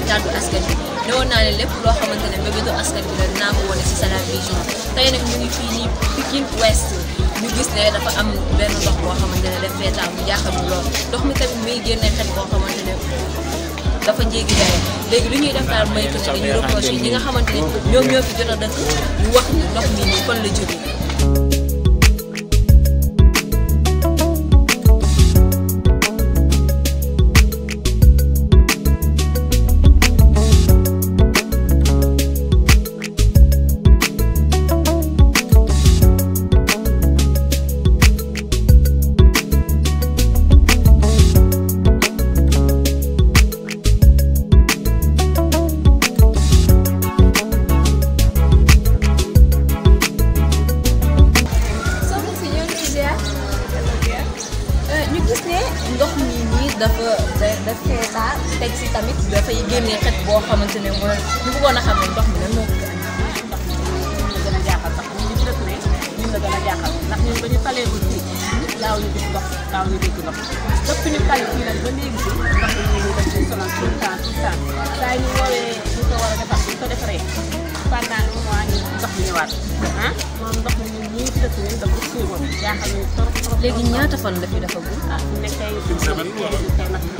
mooy kàddu askan bi ne naa leen lépp loo xamante ne mbébétu askan bi la dinaa ko wane ci Salam Vision tey nag ñu ngi fii nii Pikine Ouest ñu gis ne dafa am benn ndox boo xamante ne daf fee jaaxal mu lool ndox mi tamit muy génne xet boo xamante dafa jéggi day léegi lu ñuy def daal mooy que ne dañuy reproché ñi nga xamante ñoom ñoo fi jot a dëkk ñu wax ndox mi nii kon la jógee. teg si tamit dafay génnee xet boo xamante ne mooy ñu bëggoon a xam ne ndox mi lan moo ko gën a jaaxal ndax ñu ngi rëkkale ñun la gën a jaaxal ndax ñun ba ñu talee ko fii daaw ñu gis ndox daaw ñu dégg ndox lépp ñu tali fii nag ba léegi si ndox mi ñu def ci sonal tout le temps tout le temps saa ñu woowee ñu ko war a defar ñu ko defaree pendant un mois ñu ndox mi ñëwaat ah moom ndox mi ñun ñii dëkk ñun dafa suy woon jaaxal ñu trop trop léegi ñaata fan la fi dafa gul ah nekkay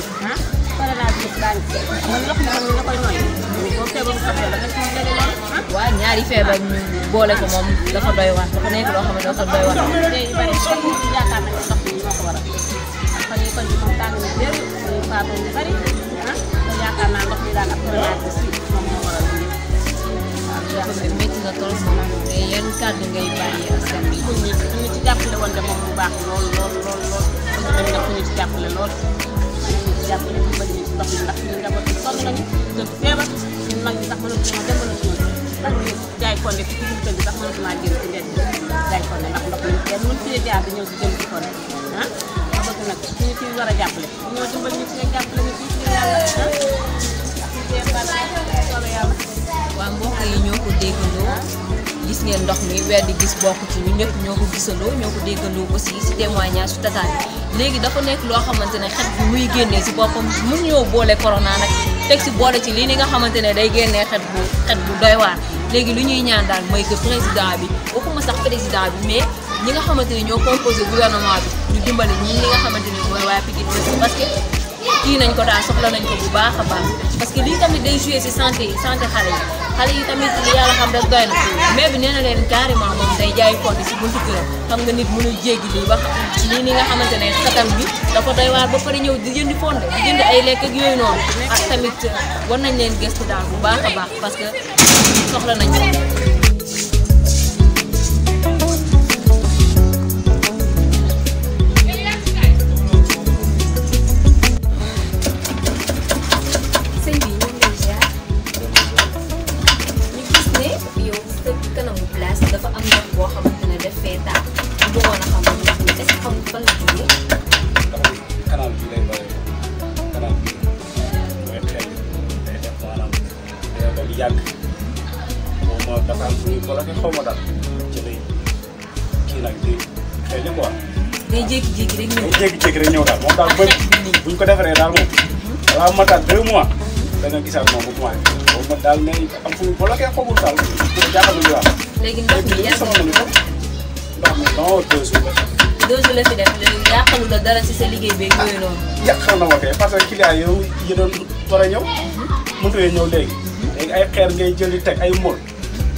man ndox mi man la koy noy boo feebar bu taxee da nga ci mën a waaw ñaari feebar ñu boole ko moom dafa doy waar dafa nekk loo xam ne dafa doy waar. léegi bari yaakaar nañu ndox mi moo ko waral kon ñu kon ñu xam tàng na jër ñu faatu ñu bari ah kon yaakaar naa ndox mi daal ak coronavirus moom moo waral waaw métti na trop moom te yan kàddu ngay bàyyi askan bi ku ñu ñu ci jàppale woon de moom bu baax lool lool lool lool bëgg nañ nag ku ñu ci jàppale lool ñu ci jàppale ku bëgg ndox mi ndax ñun njaboot yi ñoo ko déggandoo gis ngeen ndox mi weer di gis bokk ci ñu ñoo ko gisandoo ñoo ko déggandoo aussi si témoignage su tataal léegi dafa nekk loo xamante ne xet bi muy génnee si boppam mun ñoo boole corona nag teg si boole ci lii ni nga xamante ne day génnee xet bu xet bu doy waar léegi lu ñuy ñaan daal mooy que président bi waxuma sax président bi mais ñi nga xamante ne ñoo composé gouvernement bi ñu dimbali ñi nga xamante ne mooy waa Pikine parce que kii nañ ko daal soxla nañ ko bu baax a baax parce que lii tamit day joué si santé santé xale yi xale yi tamit li yàlla xam rek doy na mais bi nee na leen carrément moom day jaay fonde si buntu këram xam nga nit mënul jéggi lii wax lii ni nga xamante ne xatam bi dafa doy waar ba pare ñëw di jëndi fonde di jënd ay lekk ak yooyu noonu ak tamit war nañ leen gëstu daal bu baax a baax parce que soxla nañ lu yàgg moom moo dafa am suñu boloké xaw ma daal ci lay kii nag di xëy na quoi. day jékki-jékki rek ñëw. day jékki-jékki rek ñëw daal moom daal bëri buñ ko defaree daal moom mhm. balaa ma taal deux mois dana gisaat moom bu commencé. boobu man daal nee am suñu boloké xawul daal pour jaaxal lu ñu wax. léegi ndox mi yàq na yàqalu la dara ci sa liggéey beeg yooyu yàqal na ma kay parce que client yow yi doon war a ñëw mhm. mënut a ñëw léegi. léegi ay xeer ngay jël di teg ay mool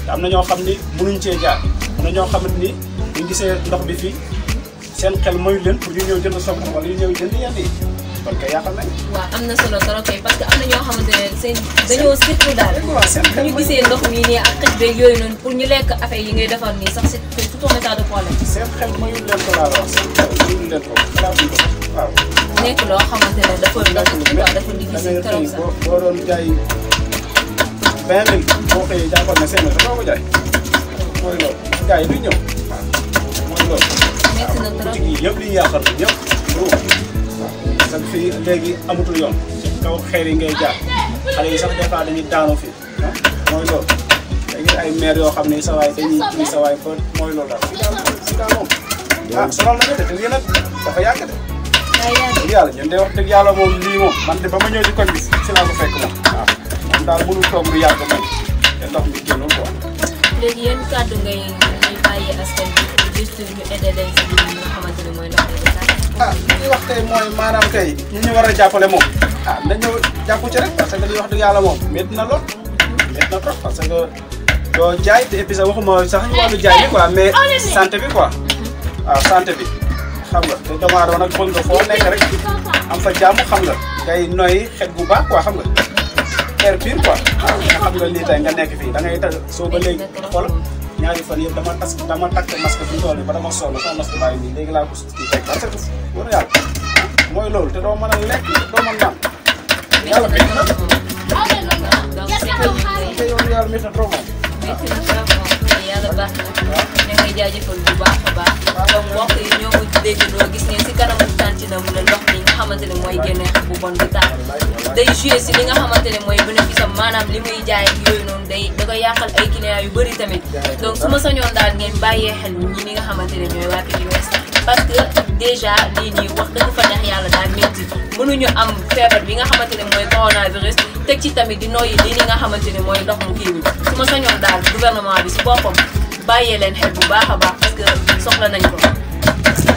te am na ñoo xam ni mënuñ cee jaar am na ñoo xam ni ñu gisee ndox bi fii seen xel mayu leen pour ñu ñëw jënd soble wala ñu ñëw jënd yenn yi kon kay yaakaar nañ. waaw am na solo trop kay parce que am na ñoo xamante ne seen. dañoo surtout daal bu ñu gisee ndox mi nii ak xëj beeg yooyu noonu pour ñu lekk affaire yi ngay defar nii sax c'est tout un état de problème. seen xel mayu leen ko laa wax seen xel mayu leen ko waaw. nekk loo xamante ne dafa dafa dafa difficile trop sax. boo doon jaay. vingt mille boo xëyee jàppoon na cinq mille doo ko jaay mooy loolu gars yi duñ ñëw waaw mooy loolu. métti na trop waaw yëpp li ñu yàqal yëpp waaw parce que fii léegi amatul yoon ci kaw xeer yi ngay jaar xale yi sax des fois dañuy daanu fii mooy loolu dañuy ay maire yoo xam ne sa waay dañuy kii sa waay mooy loolu daal si kaa moom ah sonal na nga de te lii nag dafa yàgg de. waaw yàlla ñun de wax dëgg yàlla moom lii moom man de ba ma ñëw ci koñ bi si laa ko fekk moom. moom daal mënul toog lu yàgg a te ndox mi génnul quoi. ñu ah, ñuy wax tey maanaam tey ñu ñu war a jàppale moom ah nañu jàpp ci rek parce que li wax yàlla moom métti na lool métti na trop parce que doo jaay te épisode waxuma sax ñu wàllu jaay bi quoi mais santé bi quoi waaw ah, santé bi xam nga te nekk rek am fa jàmm xam nga ngay noyyi xet bu baax quoi xam nga. affaire pure quoi nga xam nga lii tey nga nekk fii da ngay tag soo ba léegi xool ñaari fan yëpp dama tas dama takk masque bi tool yi ba dama soxla sama masque bàyyi nii léegi laa ko suñu teg parce que war yàlla ah, mooy loolu te doo mën a lekk doo mën naan yàlla béy na te yow yàlla métti na trop moom yàlla baax na ñu ngi jaajëfal bu baax a baax donc mbokk yi ñoo ko déggandoo gis ngeen si kanamu tànc na mu ne xamante ne bu bon mooy maanaam li muy jaay ak da koy yàqal ay yu bëri tamit donc su ma daal ngeen bàyyee xel ñi nga xamante ne ñooy waa Pikine West wax dëgg fa am feebar bi nga xamante ne mooy coronavirus teg ci tamit di noyyi lii ni nga xamante ne mooy ndox mu kii bi su ma sañoon daal gouvernement bi si boppam bàyyee leen xel bu baax a baax parce soxla nañ ko